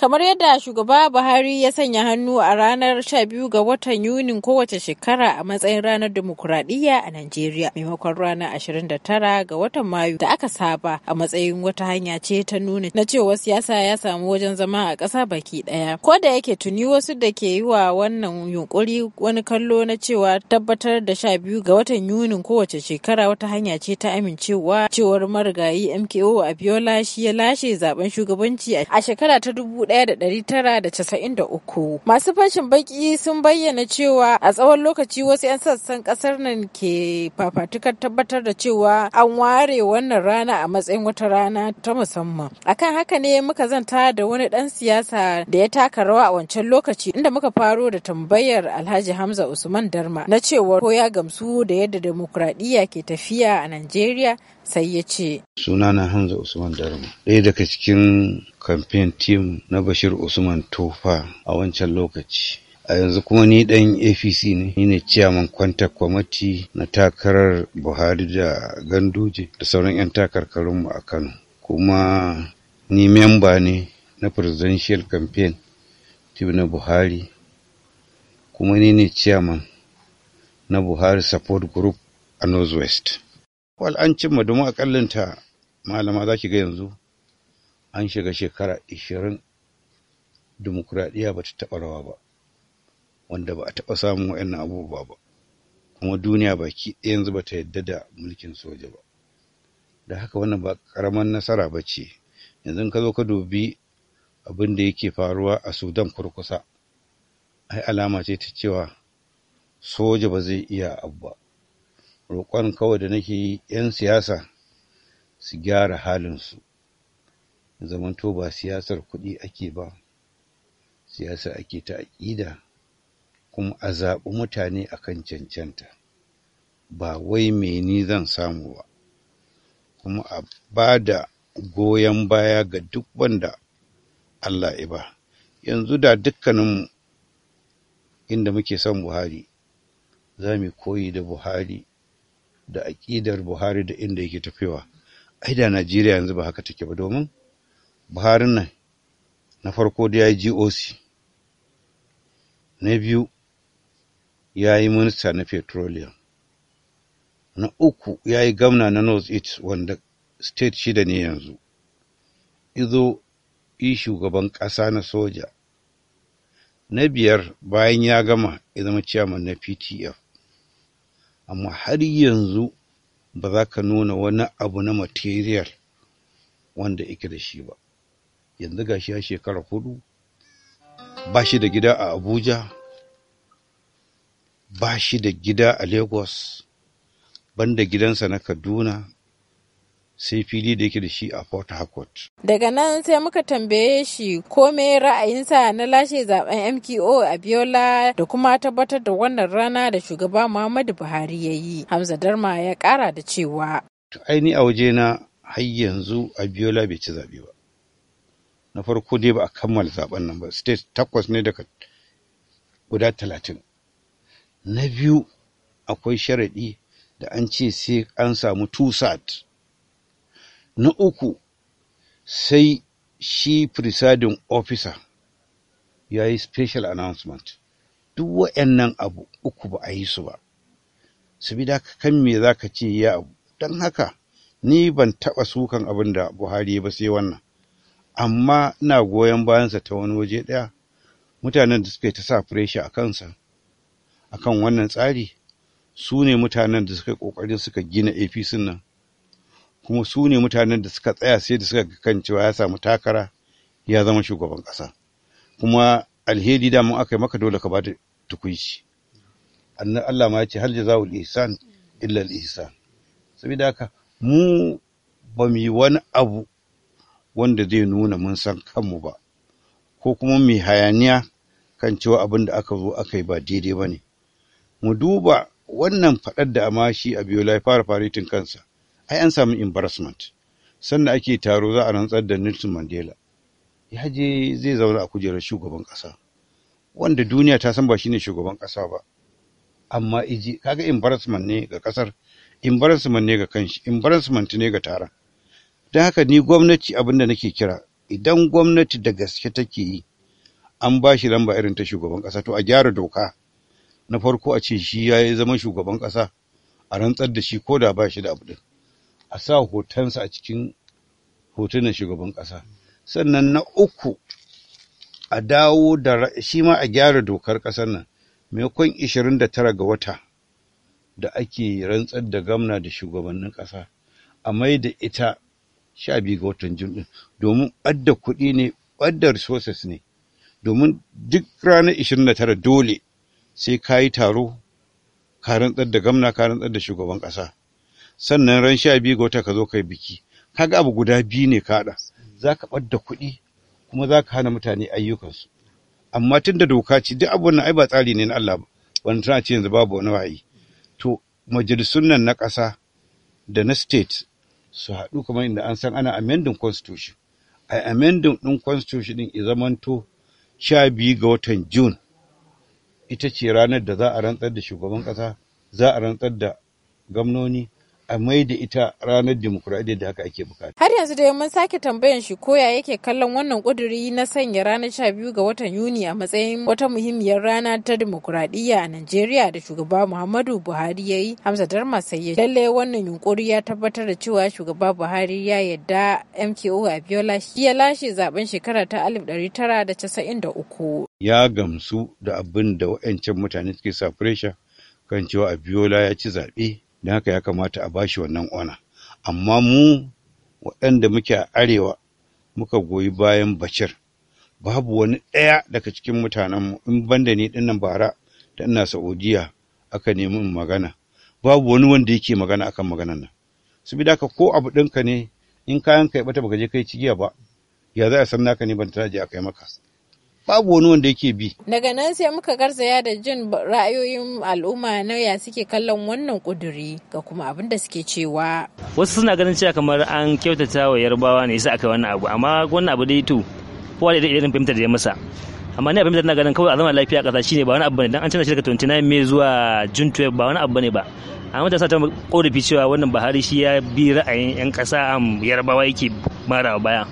Kamar yadda shugaba Buhari ya sanya hannu a ranar 12 ga watan Yunin kowace shekara a matsayin ranar demokuraɗiyya a Najeriya maimakon ranar 29 ga watan Mayu da aka saba a matsayin wata hanya ce ta nuna na cewa siyasa ya samu wajen zama a ƙasa baki ɗaya. Ko da yake tuni wasu da ke yi wa wannan yunkuri wani kallo na cewa tabbatar da 12 ga watan Yunin kowace shekara wata hanya ce ta amincewa cewar marigayi MKO Abiola shi ya lashe zaben shugabanci a shekara ta dubu 1993. Masu fashin baki sun bayyana cewa a tsawon lokaci wasu 'yan sassan kasar nan ke fafatukar tabbatar da cewa an ware wannan rana a matsayin wata rana ta musamman. Akan haka ne muka zanta da wani ɗan siyasa da ya taka rawa a wancan lokaci inda muka faro da tambayar Alhaji Hamza Usman Darma na cewa ko ya gamsu da yadda demokradiyya ke tafiya a Najeriya sai ya ce. na Hamza Usman Darma, ɗaya daga cikin kamfen tim na Bashir Usman Tofa a wancan lokaci. A yanzu kuma ni ɗan APC ne, ni ne ciyaman kwanta kwamati na takarar Buhari da Ganduje da sauran 'yan takarkarinmu a Kano. Kuma ni memba ne na presidential campaign tim na Buhari, kuma ni ne ciyaman na Buhari support group a Northwest. West. Kwal an cimma domin akallinta malama za ki ga yanzu an shiga shekara ishirin dimokuraɗiyya ba ta taɓa rawa ba wanda ba a taɓa samun wa'annan abubuwa ba kuma duniya baki ɗaya yanzu ba ta yadda da mulkin soja ba da haka wannan ba ƙaramin nasara ba ce yanzu ka zo ka dubi abin da yake faruwa a sudan kurkusa ai alama ce ta cewa soja ba zai iya abu ba roƙon kawai da nake 'yan siyasa su gyara halinsu zamanto ba siyasar kuɗi ake ba siyasa ake ta aƙida kuma a zaɓi mutane a kan cancanta ba wai meni zan samu ba kuma a ba da goyon baya ga duk wanda Allah ya ba yanzu da dukkaninmu inda muke son Buhari za mu koyi da Buhari da aƙidar buhari da inda yake tafiwa ai da najeriya yanzu ba haka take ba domin buhari nan na farko da ya yi goc na biyu ya yi minista na petroleum na uku ya yi gamna na north east wanda state shida ne yanzu izo yi shugaban ƙasa na soja na biyar bayan ya gama ya zama chairman na ptf amma har yanzu ba za ka nuna wani abu na material wanda yake da shi ba yanzu ga shi ya shekara hudu ba shi da gida a abuja ba shi da gida a lagos banda gidansa na kaduna sai fili da yake da shi a Port Harcourt. Daga nan sai muka tambaye shi ko me ra'ayinsa na lashe zaben MKO a Biola da kuma tabbatar da wannan rana da shugaba Muhammadu Buhari ya yi. Hamza Darma ya kara da cewa. Aini a na har yanzu a Biola bai ci zaɓe ba. Na farko dai ba a kammala zaben nan ba. State takwas ne daga guda talatin. Na biyu akwai sharaɗi da an ce sai an samu two sat Na uku sai shi presiding officer ya yi special announcement. Duk wa'yannan abu uku ba a yi su ba. Sabida haka kan me za ka ce ya abu. Don haka ni ban taɓa sukan abin da Buhari ba sai wannan. Amma na goyon bayansa ta wani waje ɗaya. Mutanen da suka yi ta sa pressure a kansa, a kan wannan tsari, su ne mutanen da suka ƙoƙarin suka gina APC nan. kuma su ne mutanen da suka tsaya sai da suka kan cewa ya samu takara ya zama shugaban ƙasa kuma alheri da mun aka yi maka dole ka ba da tukuici annan Allah ma ya ce hal jazaul ihsan illa al ihsan saboda haka mu ba mu yi wani abu wanda zai nuna mun san kanmu ba ko kuma mu hayaniya kan cewa abin da aka zo aka yi ba daidai ba ne mu duba wannan faɗar da amashi a biyo ya fara faritin kansa ai an samu embarrassment sannan ake taro za a rantsar da Nelson Mandela ya je zai zauna a kujerar shugaban ƙasa wanda duniya ta san ba shine shugaban ƙasa ba amma iji kaga embarrassment ne ga ƙasar embarrassment ne ga kanshi embarrassment ne ga taron don haka ni gwamnati abin da nake kira idan gwamnati da gaske take yi an ba shi lamba irin ta shugaban ƙasa to a gyara doka na farko a ce shi ya yi zaman shugaban ƙasa a rantsar da shi ko da ba shi da abu din a sa hotonsa a cikin hotunan shugaban ƙasa sannan na uku a dawo da shi ma a gyara dokar ƙasar nan maimakon 29 ga wata da ake rantsar da gamna da shugabannin ƙasa a mai da ita 12 ga watan jun domin adda kuɗi ne adda resources ne domin duk ranar 29 dole sai ka yi taro ka rantsar da gamna ka rantsar da shugaban ƙasa sannan ran sha biyu ga wata ka zo kai biki kaga abu guda biyu ne ka haɗa za ka ɓadda kuɗi kuma za ka hana mutane ayyukansu amma tun da doka ce duk abubuwan nan ai ba tsari ne na Allah ba wani tana ce yanzu babu wani wahayi to majalisun nan na ƙasa da na state su haɗu kamar inda an san ana amending constitution a amending ɗin constitution ɗin ya zamanto sha biyu ga watan june ita ce ranar da za a rantsar da shugaban ƙasa za a rantsar da gwamnoni a mai da ita ranar demokuraɗiyya da haka ake bukata. Har yanzu da mun sake tambayan shi koya yake kallon wannan ƙuduri na sanya ranar sha biyu ga watan Yuni a matsayin wata muhimmiyar rana ta demokuraɗiyya a Najeriya da shugaba Muhammadu Buhari ya yi Hamza Darma sai lalle wannan yunkuri ya tabbatar da cewa shugaba Buhari ya yarda MKO Abiola shi ya lashe zaben shekara ta 1993. Ya gamsu da abin da wa'ancan mutane suke sa kan cewa Abiola ya ci zaɓe. don haka ya kamata a bashi wannan ona amma mu waɗanda muke a arewa muka goyi bayan bacir babu wani ɗaya daga cikin mutanenmu in banda ni dinnan bara da ina saudiya aka nemi magana babu wani wanda yake magana akan maganan nan saboda haka ko abu ɗinka ne in kayan ka ya bata baka je kai cigiya ba ya za a san naka ne ban taraje a kai maka babu wani wanda yake bi. Daga nan sai muka garzaya da jin ra'ayoyin al'umma na ya suke kallon wannan kuduri ga kuma abin da suke cewa. Wasu suna ganin cewa kamar an kyautata wa yarbawa ne yasa aka wannan abu amma wannan abu dai to kowa da irin fahimtar da ya masa. amma ni a fahimtar na ganin kawai a zama lafiya a ƙasa ne ba wani abu ne dan an canza shi daga 29 mai zuwa june 12 ba wani abu ne ba amma sa ta korafi cewa wannan Buhari shi ya bi ra'ayin 'yan ƙasa yarbawa yake mara baya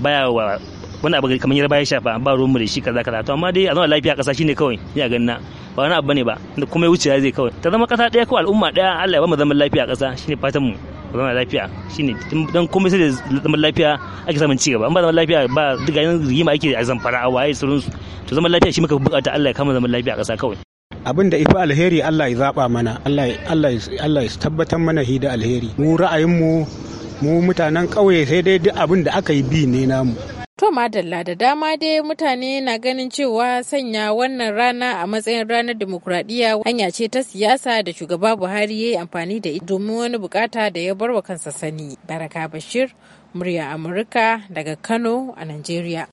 baya wa wani abu kamar yarba ya shafa ba ruwanmu da shi kaza kaza to amma dai a zama lafiya kasa shine kawai ni a ganin na ba wani abu bane ba da kuma ya wuce zai kawai ta zama kasa daya ko al'umma daya Allah ya ba mu zaman lafiya kasa shine fatan mu zaman lafiya shine dan komai sai da zaman lafiya ake samun ci gaba in ba zaman lafiya ba duk ganin rigima ake a zamfara a waye surun to zaman lafiya shi muka bukata Allah ya kama zaman lafiya kasa kawai abin da ifi alheri Allah ya zaba mana Allah Allah ya tabbatar mana hida alheri mu ra'ayin mu mu mutanen ƙauye sai dai duk abin da aka yi bi ne namu To madalla da dama dai mutane na ganin cewa sanya wannan rana a matsayin ranar demokuraɗiyya hanya ce ta siyasa da shugaba Buhari ya yi amfani da ita domin wani bukata da ya barwa kansa sani. Baraka Bashir, murya Amurka daga Kano a Najeriya.